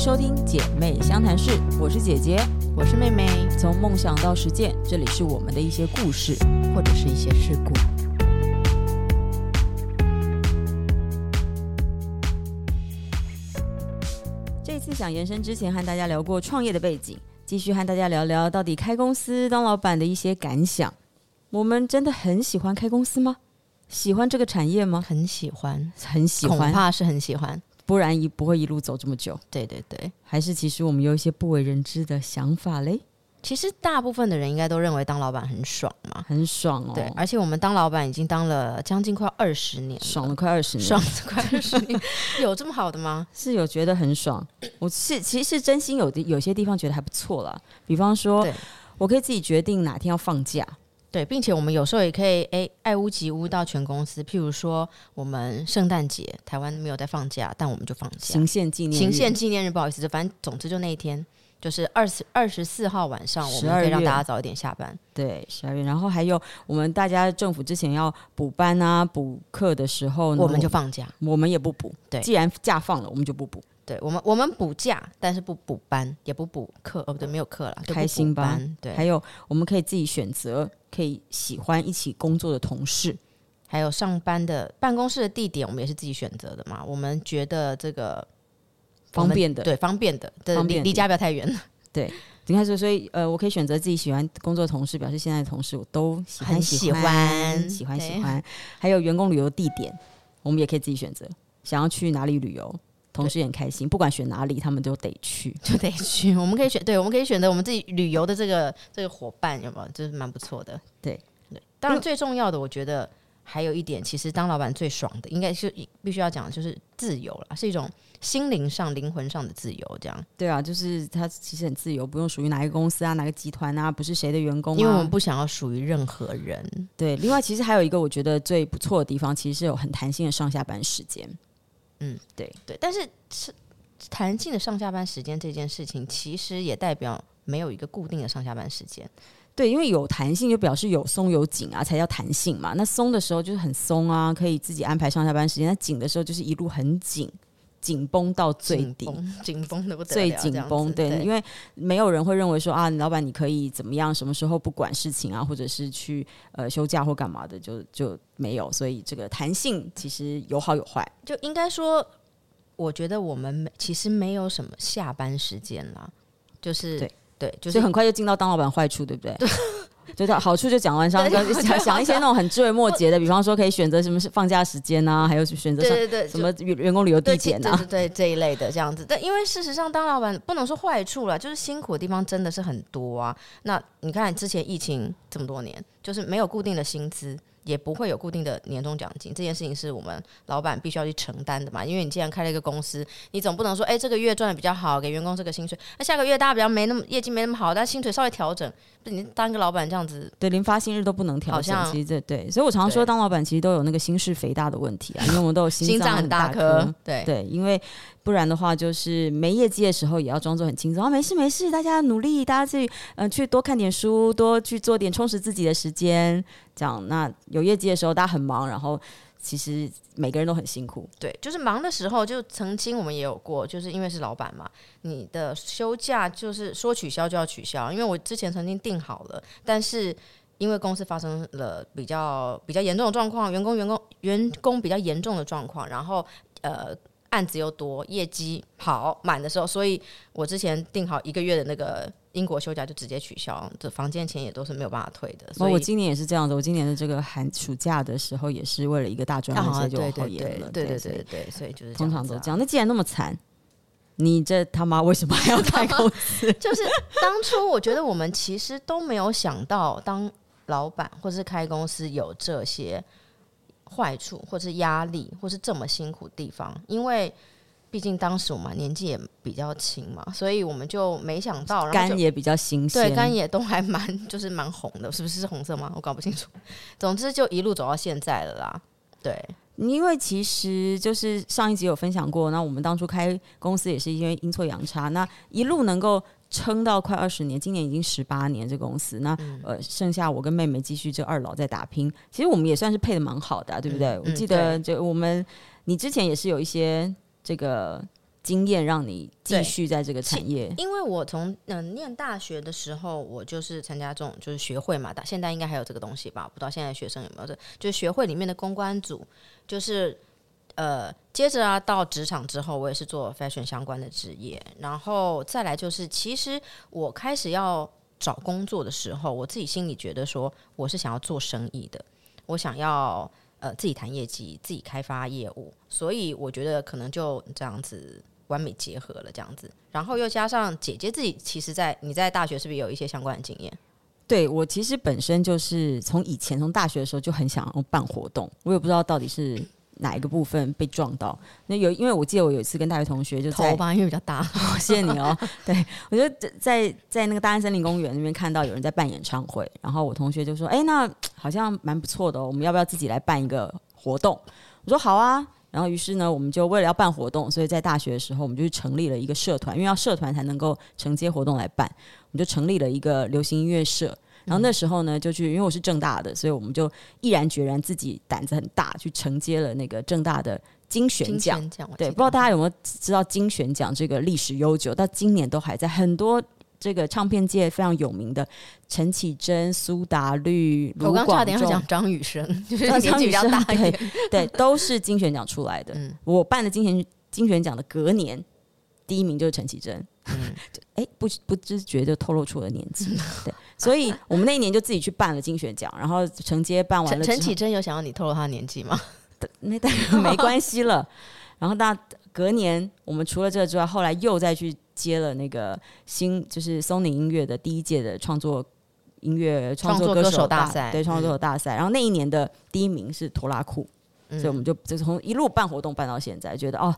收聽姐妹相談室，我是姐姐，我是妹妹。從夢想到實踐，這裡是我們的一些故事，或者是一些事故。這次想延伸之前和大家聊過創業的背景，繼續和大家聊聊到底開公司當老闆的一些感想。我們真的很喜歡開公司嗎？喜歡這個產業嗎？很喜歡，很喜歡，怕是很喜歡。不然一不會一路走這麼久。對對對，還是其實我們有一些不為人知的想法嘞。其實大部分的人應該都認為當老闆很爽嘛，很爽哦。對，而且我們當老闆已經當了將近快二十年，爽了快二十年，爽了快二十年， 有這麼好的嗎？是有覺得很爽。我 是其實真心有有些地方覺得還不錯啦，比方說對我可以自己決定哪天要放假。對，並且我們有時候也可以哎愛屋及烏到全公司，譬如說我們聖誕節台灣沒有在放假，但我們就放假。行憲紀念日、行憲紀念日，不好意思，反正總之就那一天，就是二十二十四號晚上，我們可以讓大家早一點下班。對，十二月，然後還有我們大家政府之前要補班啊補課的時候，我們就放假，我們也不補。對，既然假放了，我們就不補。對我們，我們補假，但是不補班，也不補課。哦，不對，沒有課了，開心班。對，還有我們可以自己選擇，可以喜歡一起工作的同事，還有上班的辦公室的地點，我們也是自己選擇的嘛。我們覺得這個方便，方便的，對方便的，對離離家不要太遠了。對，等於說，所以呃，我可以選擇自己喜歡工作的同事，表示現在的同事我都喜歡很喜歡，喜歡，對喜歡喜歡。還有員工旅遊地點，我們也可以自己選擇，想要去哪裡旅遊。同事也很開心，不管選哪裡，他們都得去，就得去。我們可以選，對，我們可以選擇我們自己旅遊的這個這個夥伴，有沒有？就是蠻不錯的。對，對，當然最重要的，我覺得還有一點，其實當老闆最爽的，應該是必須要講的就是自由了，是一種心靈上、靈魂上的自由。這樣對啊，就是他其實很自由，不用屬於哪個公司啊，哪個集團啊，不是誰的員工啊。因為我們不想要屬於任何人。對，另外其實還有一個我覺得最不錯的地方，其實是有很彈性的上下班時間。嗯，對對，但是是彈性的上下班時間這件事情，其實也代表沒有一個固定的上下班時間。對，因為有彈性就表示有鬆有緊啊，才叫彈性嘛。那鬆的時候就是很鬆啊，可以自己安排上下班時間；那緊的時候就是一路很緊。緊繃到最頂，緊繃的不最緊繃，對，因為沒有人會認為說啊，老闆你可以怎麼樣，什麼時候不管事情啊，或者是去呃休假或幹嘛的，就就沒有。所以這個彈性其實有好有壞。就應該說，我覺得我們其實沒有什麼下班時間啦，就是對對就，所以很快就進到當老闆壞處，對不對？ 就是好處就講完上，就就想想一些那種很枝微末節的，我比方說可以選擇什麼是放假時間啊，還有選擇什麼員工旅遊地點啊，對，對，對，對，對，對，對這一類的這樣子。但 因為事實上，當老闆不能說壞處了，就是辛苦的地方真的是很多啊。那你看之前疫情這麼多年，就是沒有固定的薪資。也不會有固定的年終獎金，這件事情是我們老板必須要去承擔的嘛。因為你既然開了一個公司，你總不能說，哎，這個月賺得比較好，給員工這個薪水，那、啊、下個月大家比較沒那麼業績沒那麼好，但薪水稍微調整，不是？你當一個老板這樣子，對，連發薪日都不能調整。好像其實這對，所以我常說，當老板其實都有那個心室肥大的問題啊，對因為我們都有心臟很大顆， 大顆對對，因為。不然的話，就是沒業績的時候也要裝作很輕鬆啊，沒事沒事，大家努力，大家去嗯、呃、去多看點書，多去做點充實自己的時間。這樣，那有業績的時候，大家很忙，然後其實每個人都很辛苦。對，就是忙的時候，就曾經我們也有過，就是因為是老闆嘛，你的休假就是說取消就要取消，因為我之前曾經定好了，但是因為公司發生了比較比較嚴重的狀況，員工員工員工比較嚴重的狀況，然後呃。案子又多，業績好滿的時候，所以我之前定好一個月的那個英國休假，就直接取消，這房間錢也都是沒有辦法退的。所以、啊、我今年也是這樣子，我今年的這個寒暑假的時候也是為了一個大專，業上、啊、就考研了。對對對對，所以就是、啊、通常都這樣。那既然那麼慘，你這他媽為什麼還要開公司？就是當初我覺得我們其實都沒有想到，當老闆或是開公司有這些。壞處，或是壓力，或是這麼辛苦地方，因為畢竟當時我們年紀也比較輕嘛，所以我們就沒想到，肝也比較新鮮，對，肝也都還蠻就是蠻紅的，是不是？是紅色嗎？我搞不清楚。總之就一路走到現在了啦。對，因為其實就是上一集有分享過，那我們當初開公司也是因為陰錯陽差，那一路能夠。撐到快二十年，今年已經十八年，這個、公司那、嗯、呃剩下我跟妹妹繼續，這二老在打拼。其實我們也算是配得蠻好的、啊，對不對？嗯嗯、對我記得就我們，你之前也是有一些這個經驗，讓你繼續在這個產業。因為我從嗯、呃、念大學的時候，我就是參加這種就是學會嘛，打現在應該還有這個東西吧？不知道現在學生有沒有這？就學會裡面的公關組就是。呃，接着啊，到職場之後，我也是做 fashion 相關的職業，然後再來就是，其實我開始要找工作的時候，我自己心裡覺得說，我是想要做生意的，我想要呃自己談業績，自己開發業務，所以我覺得可能就這樣子完美結合了這樣子，然後又加上姐姐自己，其實在，在你在大學是不是有一些相關的經驗？對，我其實本身就是從以前從大學的時候就很想要辦活動，我也不知道到底是。哪一個部分被撞到？那有，因為我記得我有一次跟大學同學就在，吧，因為比較大， 謝謝你哦。 對我覺得在在那個大安森林公園那邊看到有人在辦演唱會，然後我同學就說：“哎、欸，那好像蠻不錯的哦，我們要不要自己來辦一個活動？”我說：“好啊。”然後於是呢，我們就為了要辦活動，所以在大學的時候我們就成立了一個社團，因為要社團才能夠承接活動來辦，我們就成立了一個流行音樂社。然後那時候呢，就去，因為我是政大的，所以我們就毅然決然自己膽子很大，去承接了那個政大的金選獎。選獎對，不知道大家有沒有知道金選獎這個歷史悠久，到今年都還在，很多這個唱片界非常有名的陳綺貞、蘇打綠、盧廣仲，我剛差點是講張雨生，就是 張雨生對，對，都是金選獎出來的。嗯、我辦的金選金選獎的隔年。第一名就是陳綺貞，哎、欸，不不知、就是、覺就透露出了年紀，嗯、對，嗯、所以我們那一年就自己去辦了金曲獎，然後承接辦完了。陳綺貞有想要你透露他年紀嗎？對，那當然沒關係了。 然後大隔年，我們除了這個之外，後來又再去接了那個新，就是索尼音樂的第一屆的創作音樂創作歌手大賽，對，創作歌手大賽。作大嗯、然後那一年的第一名是脫拉庫，嗯、所以我們就就從一路辦活動辦到現在，覺得哦。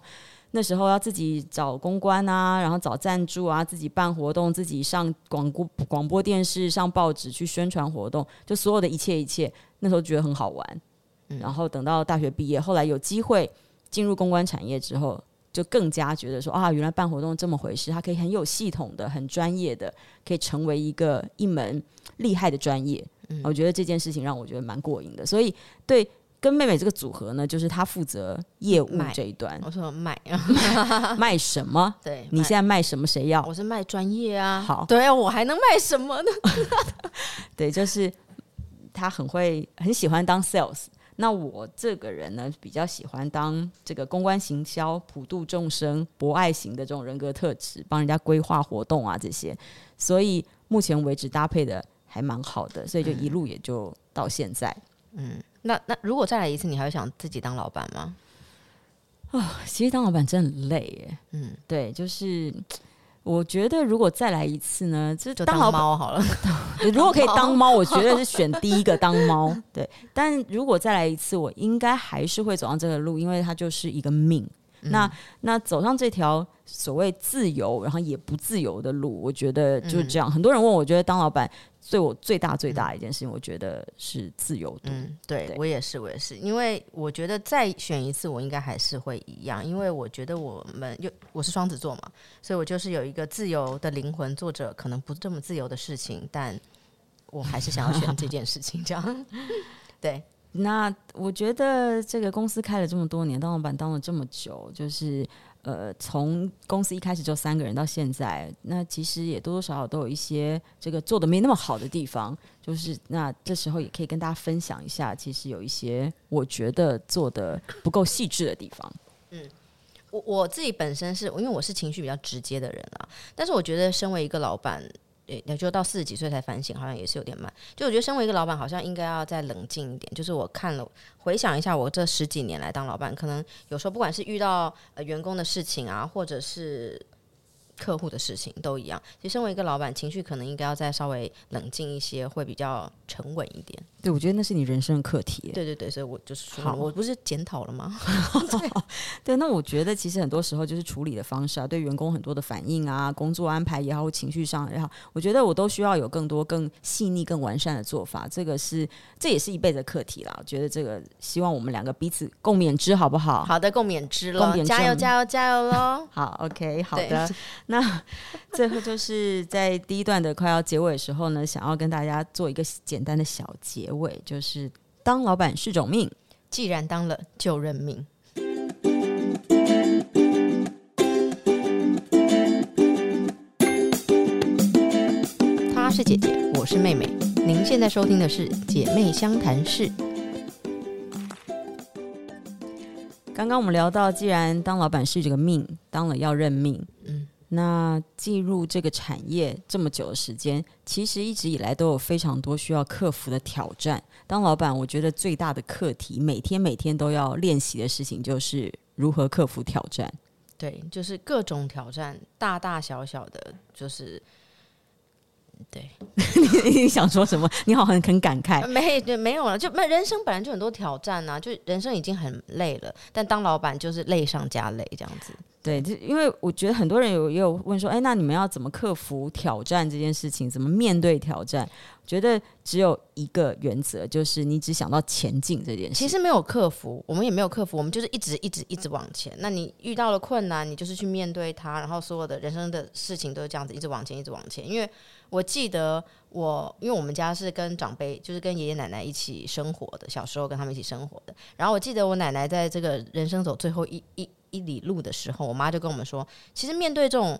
那時候要自己找公關啊，然後找贊助啊，自己辦活動，自己上廣播、廣播電視、上報紙去宣傳活動，就所有的一切一切。那時候覺得很好玩，嗯、然後等到大學畢業，後來有機會進入公關產業之後，就更加覺得說啊，原來辦活動這麼回事，他可以很有系統的、很專業的，可以成為一個一門厲害的專業、嗯啊。我覺得這件事情讓我覺得蠻過癮的，所以對。跟妹妹這個組合呢，就是她負責業務這一端。我說買 賣，賣什麼？對你現在賣什麼？誰要？我是賣專業啊。好，對啊，我還能賣什麼呢？ 對，就是他很會，很喜歡當 sales。那我這個人呢，比較喜歡當這個公關行銷、普度眾生、博愛型的這種人格特質，幫人家規劃活動啊這些。所以目前為止搭配的還蠻好的，所以就一路也就到現在，嗯。嗯。那那如果再來一次，你還會想自己當老闆嗎？啊，其實當老闆真的很累耶。嗯，對，就是我覺得如果再來一次呢，就當貓好了。如果可以當貓，我覺得是選第一個當貓。對，但如果再來一次，我應該還是會走上這個路，因為它就是一個命。那那走上這條所謂自由，然後也不自由的路，我覺得就是這樣。很多人問，我覺得當老闆。所以我最大最大的一件事情，我覺得是自由度。嗯、對。嗯、對我也是，我也是，因為我覺得再選一次，我應該還是會一樣。因為我覺得我們又我是雙子座嘛，所以我就是有一個自由的靈魂作者，做着可能不這麼自由的事情，但我還是想要選這件事情。 這樣，對。那我覺得這個公司開了這麼多年，當老板當了這麼久，就是。呃，從公司一開始就三個人到現在，那其實也多多少少都有一些這個做的沒那麼好的地方，就是那這時候也可以跟大家分享一下，其實有一些我覺得做的不夠細緻的地方。嗯，我我自己本身是因為我是情緒比較直接的人啊，但是我覺得身為一個老板，也就到四十幾歲才反省，好像也是有點慢。就我覺得，身為一個老板，好像應該要再冷靜一點。就是我看了，回想一下我這十幾年來當老板，可能有時候不管是遇到、呃呃、員工的事情啊，或者是客戶的事情，都一樣。其實身為一個老板，情緒可能應該要再稍微冷靜一些，會比較。沉穩一點，對，我覺得那是你人生的課題。對對對，所以我就是說好，我不是檢討了嗎？ 對， 對，那我覺得其實很多時候就是處理的方式啊，對員工很多的反應啊，工作安排也好，情緒上也好，我覺得我都需要有更多更細膩、更完善的做法。這個是，這也是一輩子課題啦。我覺得這個，希望我們兩個彼此共勉之，好不好？好的，共勉之咯，共勉之咯。加油，加油，加油嘍！ 好，OK，好的。對那最後就是在第一段的快要結尾的時候呢，想要跟大家做一個簡。簡單的小結尾就是：當老闆是種命，既然當了就認命。她是姐姐，我是妹妹。您現在收聽的是《姐妹相談室》。剛剛我們聊到，既然當老闆是這個命，當了要認命。那進入這個產業這麼久的時間，其實一直以來都有非常多需要克服的挑戰。當老闆，我覺得最大的課題，每天每天都要練習的事情，就是如何克服挑戰。對，就是各種挑戰，大大小小的，就是對 你。你想說什麼？你好很，很很感慨。沒，就沒有了，就人生本來就很多挑戰啊，就人生已經很累了，但當老闆就是累上加累這樣子。對，就因為我覺得很多人有也有問說，哎，那你們要怎麼克服挑戰這件事情？怎麼面對挑戰？我覺得只有一個原則，就是你只想到前進這件事。其實沒有克服，我們也沒有克服，我們就是一直一直一直往前。那你遇到了困難，你就是去面對它，然後所有的人生的事情都是這樣子，一直往前，一直往前。因為我記得我，因為我們家是跟長輩，就是跟爺爺奶奶一起生活的，小時候跟他們一起生活的。然後我記得我奶奶在這個人生走最後一一，一里路的時候，我媽就跟我們說，其實面對這種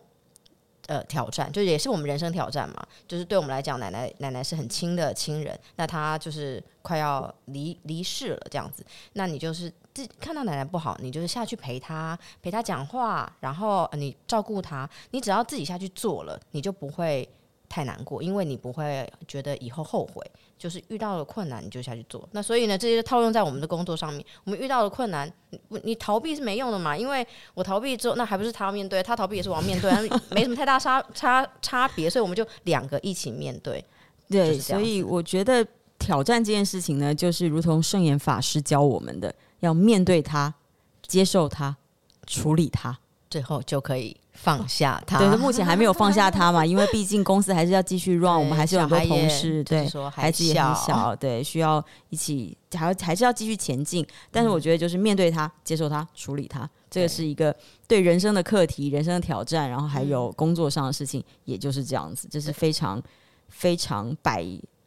呃挑戰，就也是我們人生挑戰嘛。就是對我們來講，奶奶奶奶是很親的親人，那她就是快要離離世了，這樣子，那你就是看到奶奶不好，你就是下去陪她，陪她講話，然後你照顧她，你只要自己下去做了，你就不會。太難過，因為你不會覺得以後後悔。就是遇到了困難，你就下去做。那所以呢，這些套用在我們的工作上面，我們遇到了困難，你逃避是沒用的嘛。因為我逃避之後，那還不是他要面對，他逃避也是我要面對， 沒什麼太大差差差別。所以我們就兩個一起面對。 對，所以我覺得挑戰這件事情呢，就是如同聖嚴法師教我們的，要面對他，接受他，處理他。嗯最後就可以放下他。哦，對，目前還沒有放下他嘛。 因為畢竟公司還是要繼續 run，對我們還是有很多同事，對，是還孩子也很小，對，需要一起，還要還是要繼續前進，但是我覺得，就是面對他，嗯、接受他，處理他，這個是一個對人生的課題，對人生的挑戰，然後還有工作上的事情，嗯，也就是這樣子。這是非常對非常百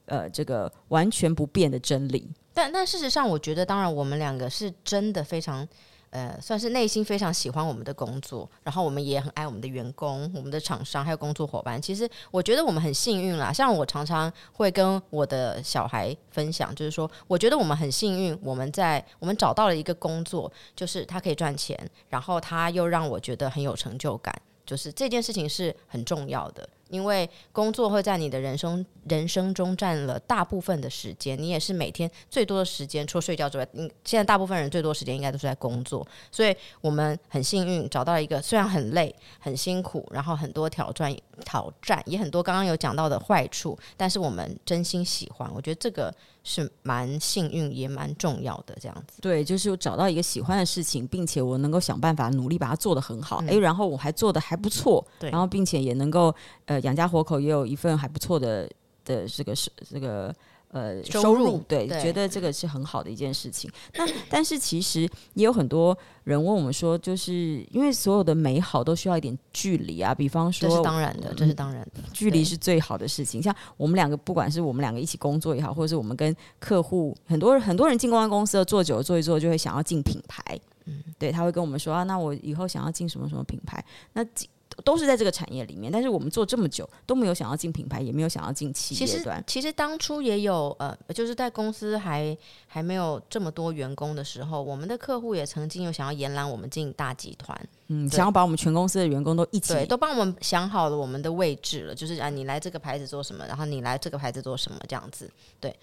呃，這個完全不變的真理。但但事實上，我覺得，當然我們兩個是真的非常。呃，算是內心非常喜歡我們的工作，然後我們也很愛我們的員工、我們的廠商還有工作夥伴。其實我覺得我們很幸運啦，像我常常會跟我的小孩分享，就是說，我覺得我們很幸運，我們在我們找到了一個工作，就是他可以賺錢，然後他又讓我覺得很有成就感，就是這件事情是很重要的。因為工作會在你的人生人生中占了大部分的時間，你也是每天最多的時間，除了睡覺之外，你現在大部分人最多時間應該都是在工作，所以我們很幸運找到了一個雖然很累、很辛苦，然後很多挑戰、挑戰也很多，剛剛有講到的壞處，但是我們真心喜歡，我覺得這個。是蠻幸運也蠻重要的這樣子，對，就是找到一個喜歡的事情，並且我能夠想辦法努力把它做得很好，哎、嗯，然後我還做得還不錯，嗯、然後並且也能夠呃養家活口，也有一份還不錯的的這個是這個。呃，收入，收入對，對覺得這個是很好的一件事情。對那但是其實也有很多人問我們說，就是因為所有的美好都需要一點距離啊。比方說，這是當然的，嗯、這是當然的，距離是最好的事情。對像我們兩個，不管是我們兩個一起工作也好，或者是我們跟客戶，很多人很多人進公關公司做久了，做一做就會想要進品牌。嗯，對，他會跟我們說啊，那我以後想要進什麼什麼品牌？那進。都是在這個產業裡面，但是我們做這麼久都沒有想要進品牌，也沒有想要進企業端。其實，其實當初也有呃，就是在公司還還沒有這麼多員工的時候，我們的客戶也曾經有想要延攬我們進大集團，嗯，對想要把我們全公司的員工都一起對，都幫我們想好了我們的位置了，就是啊，你來這個牌子做什麼？然後你來這個牌子做什麼？這樣子對。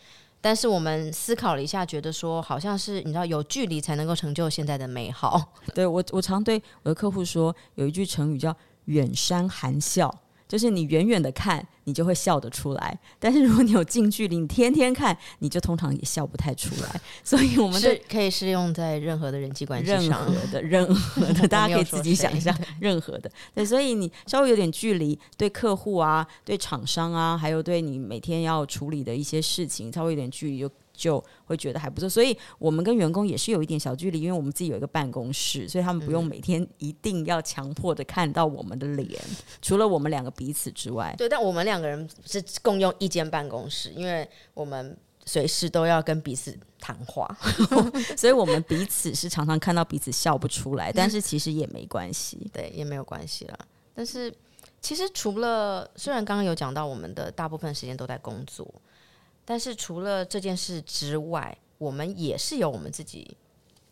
但是我們思考了一下，覺得說好像是你知道，有距離才能夠成就現在的美好。對我，我常對我的客戶說有一句成語叫。遠山含笑，就是你遠遠的看，你就會笑得出來。但是如果你有近距離，你天天看，你就通常也笑不太出來。所以我們是可以適用在任何的人際關係上，任何的、任何的， 大家可以自己想一下。對任何的。對，所以你稍微有點距離，對客戶啊、對廠商啊，還有對你每天要處理的一些事情，稍微有點距離就。就會覺得還不錯，所以我們跟員工也是有一點小距離，因為我們自己有一個辦公室，所以他們不用每天一定要強迫的看到我們的臉，嗯、除了我們兩個彼此之外，對，但我們兩個人是共用一間辦公室，因為我們隨時都要跟彼此談話， 所以我們彼此是常常看到彼此笑不出來，嗯、但是其實也沒關係，對，也沒有關係了。但是其實除了，雖然剛剛有講到，我們的大部分時間都在工作。但是除了這件事之外，我們也是有我們自己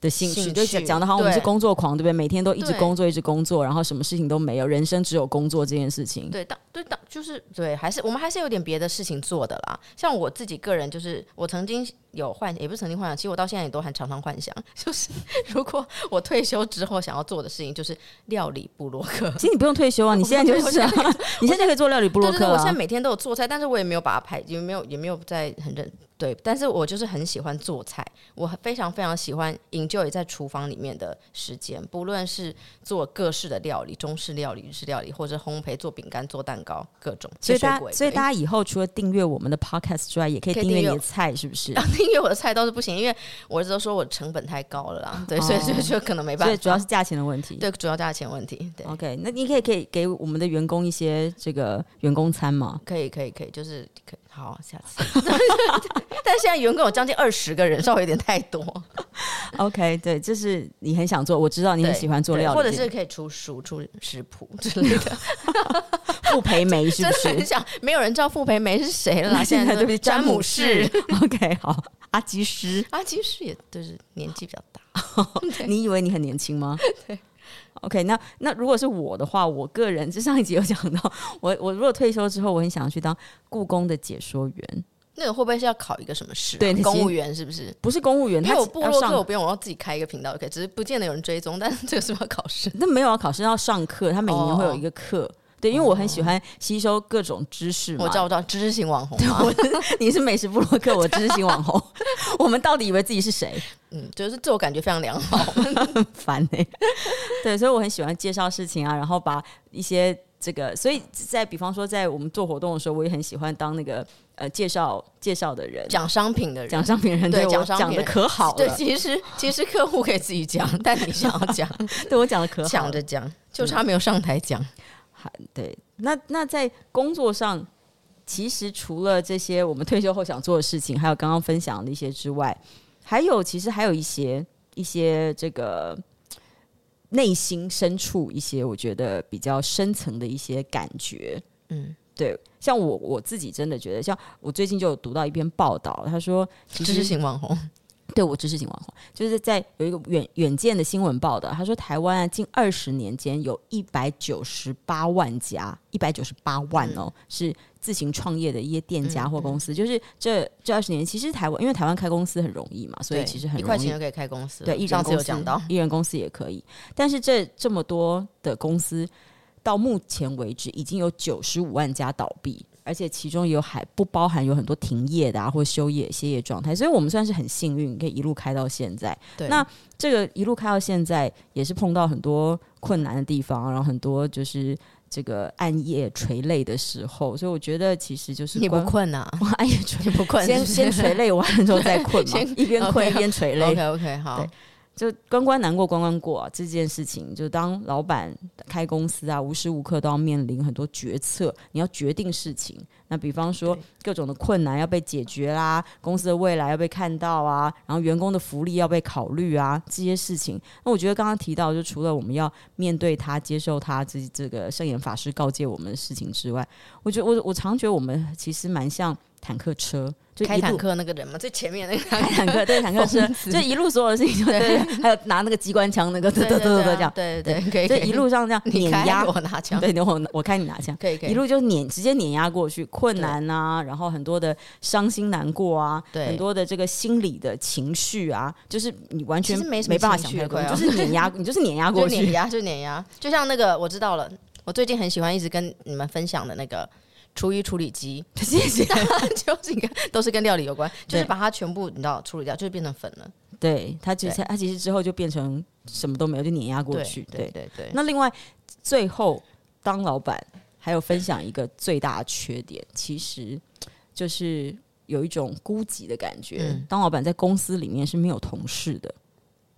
的興趣，興趣就講講的好像，我們是工作狂，對不對？每天都一直工作，對一直工作，然後什麼事情都沒有，人生只有工作這件事情。對，當對當就是對，還是我們還是有點別的事情做的啦。像我自己個人，就是我曾經有幻也不是曾經幻想，其實我到現在也都還常常幻想，就是如果我退休之後想要做的事情，就是料理部落客。其實你不用退休啊，你現在就是，啊。 你現在可以做料理部落客。對、對、對，我現在每天都有做菜，但是我也沒有把它拍，也沒有也沒有在很認。對，但是我就是很喜歡做菜，我非常非常喜歡 enjoy 在廚房裡面的時間，不論是做各式的料理、中式料理、日式料理，或者烘焙、做餅乾、做蛋糕，各種。所以大所以大家以後除了訂閱我們的 podcast 之外，也可以訂閱你的菜，是不是、啊？訂閱我的菜倒是不行，因為我都說我成本太高了啦，對，哦、所以就就可能沒辦法，對，主要是價錢的問題。對，主要價錢問題。對，OK，那你可以可以給我們的員工一些這個員工餐嗎？可以，可以，可以，就是可以。好，下次。 但現在員工有將近二十個人，稍微有點太多。OK，對，就是你很想做，我知道你很喜歡做料理，或者是可以出書、出食譜之類的。傅 培梅是不是？想 沒有人知道傅培梅是誰了。那現在詹姆士，詹姆士，OK，好，阿基師，阿基師也都是年紀比較大、 哦。你以為你很年輕嗎？對。OK，那那如果是我的話，我個人就上一集有講到，我我如果退休之後，我很想要去當故宮的解說員。那個會不會是要考一個什麼試啊？對，公務員是不是？不是公務員，因為我部落客我不用，我要自己開一個頻道。OK，只是不見得有人追蹤，但是這個是不是要考試。那沒有啊，考試要上課，他每年會有一個課。Oh. 對，因為我很喜歡吸收各種知識嘛。我知道，我知道知識型網紅嗎？對，你是美食部落客，我知識型網紅。 我們到底以為自己是誰？嗯，就是自我感覺非常良好。煩 呢、 欸，對，所以我很喜歡介紹事情啊，然後把一些這個，所以在比方說，在我們做活動的時候，我也很喜歡當那個呃介紹介紹的人，講商品的人，講商品的人對講得對可好了。對，其實其實客戶可以自己講，但你想要講， 對我講得可好搶着講，就差、是、沒有上台講。嗯對，那那在工作上，其實除了這些我們退休後想做的事情，還有剛剛分享的一些之外，還有其實還有一些一些這個內心深處一些我覺得比較深層的一些感覺。嗯，對，像我我自己真的覺得，像我最近就有讀到一篇報道，他說其實，知識型網紅。對，我知識性網紅，就是在有一個遠遠見的新聞報道，他說台灣啊，近二十年間有一百九十八萬家，一百九十八萬哦，嗯、是自行創業的一些店家或公司，嗯、就是這這二十年，其實台灣因為台灣開公司很容易嘛，所以其實很容易，一塊錢就可以開公司，對，一人公司講到一人公司也可以，但是這這麼多的公司到目前為止已經有九十五萬家倒閉。而且其中也有還不包含有很多停業的啊，或休業歇業狀態，所以我們算是很幸運，可以一路開到現在。對那這個一路開到現在也是碰到很多困難的地方，然後很多就是這個暗夜垂淚的時候，所以我覺得其實就是你不困啊，我暗夜垂淚不困是不是先，先先垂淚完之後再困嘛，一邊困一邊垂淚。OK OK，好。就關關難過關關過、啊、這件事情，就當老闆開公司啊，無時無刻都要面臨很多決策，你要決定事情。那比方說各種的困難要被解決啦、啊，公司的未來要被看到啊，然後員工的福利要被考慮啊，這些事情。那我覺得剛剛提到，就除了我們要面對他、接受他這這個聖嚴法師告誡我們的事情之外，我覺得我我常覺得我們其實蠻像。坦克車就開坦克那個人嘛，最前面那個開坦克，對坦克車，就一路所有的事情就對，還有拿那個機關槍那個，對對對對，對對就一路上這樣碾壓我拿槍，對，等我我開你拿槍，可以可以，一路就碾直接碾壓過去，困難啊，然後很多的傷心難過啊，對，很多的這個心理的情緒啊，就是你完全沒辦法想太困難，就是碾壓，你就是碾壓過去，碾壓就碾壓，就像那個我知道了，我最近很喜歡一直跟你們分享的那個。廚餘處理機，謝謝。就是都是跟料理有關，對就是把它全部你知道處理掉，就是變成粉了。對，它其實它其實之後就變成什麼都沒有，就碾壓過去。對對對。對對對對，那另外，最後當老闆還有分享一個最大的缺點，對其實就是有一種孤寂的感覺。嗯、當老闆在公司裡面是沒有同事的。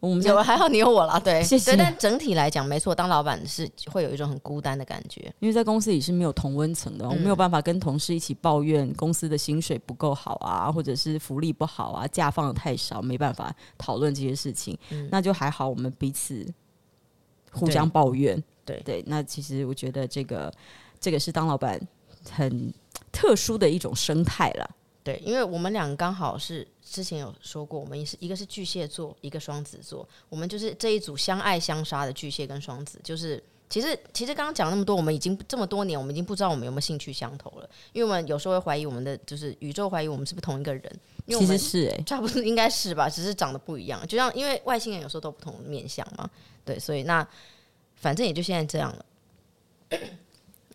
我們就有，還好你有我啦，對，謝謝，對。但整體來講，沒錯，當老板是會有一種很孤單的感覺，因為在公司裡是沒有同溫層的，嗯、我們沒有辦法跟同事一起抱怨公司的薪水不夠好啊，或者是福利不好啊，假放得太少，沒辦法討論這些事情。嗯、那就還好，我們彼此互相抱怨。對對，對，那其實我覺得這個這個是當老板很特殊的一種生態了。對，因為我們倆剛好是之前有說過，我們是一個是巨蟹座，一個雙子座，我們就是這一組相愛相殺的巨蟹跟雙子。就是其實其實剛剛講那麼多，我們已經這麼多年，我們已經不知道我們有沒有興趣相投了。因為我們有時候會懷疑我們的，就是宇宙懷疑我們是不是同一個人，因為是差不多，應該是吧，只是長得不一樣。就像因為外星人有時候都不同的面相嘛，對，所以那反正也就現在這樣了。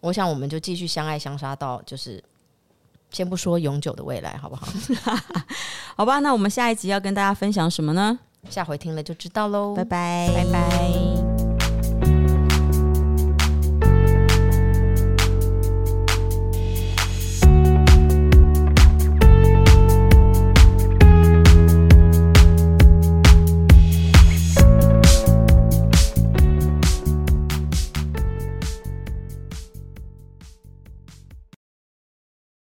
我想我們就繼續相愛相殺到就是。先不說永久的未來，好不好？ 好吧，那我們下一集要跟大家分享什麼呢？下回聽了就知道嘍。拜拜，拜拜。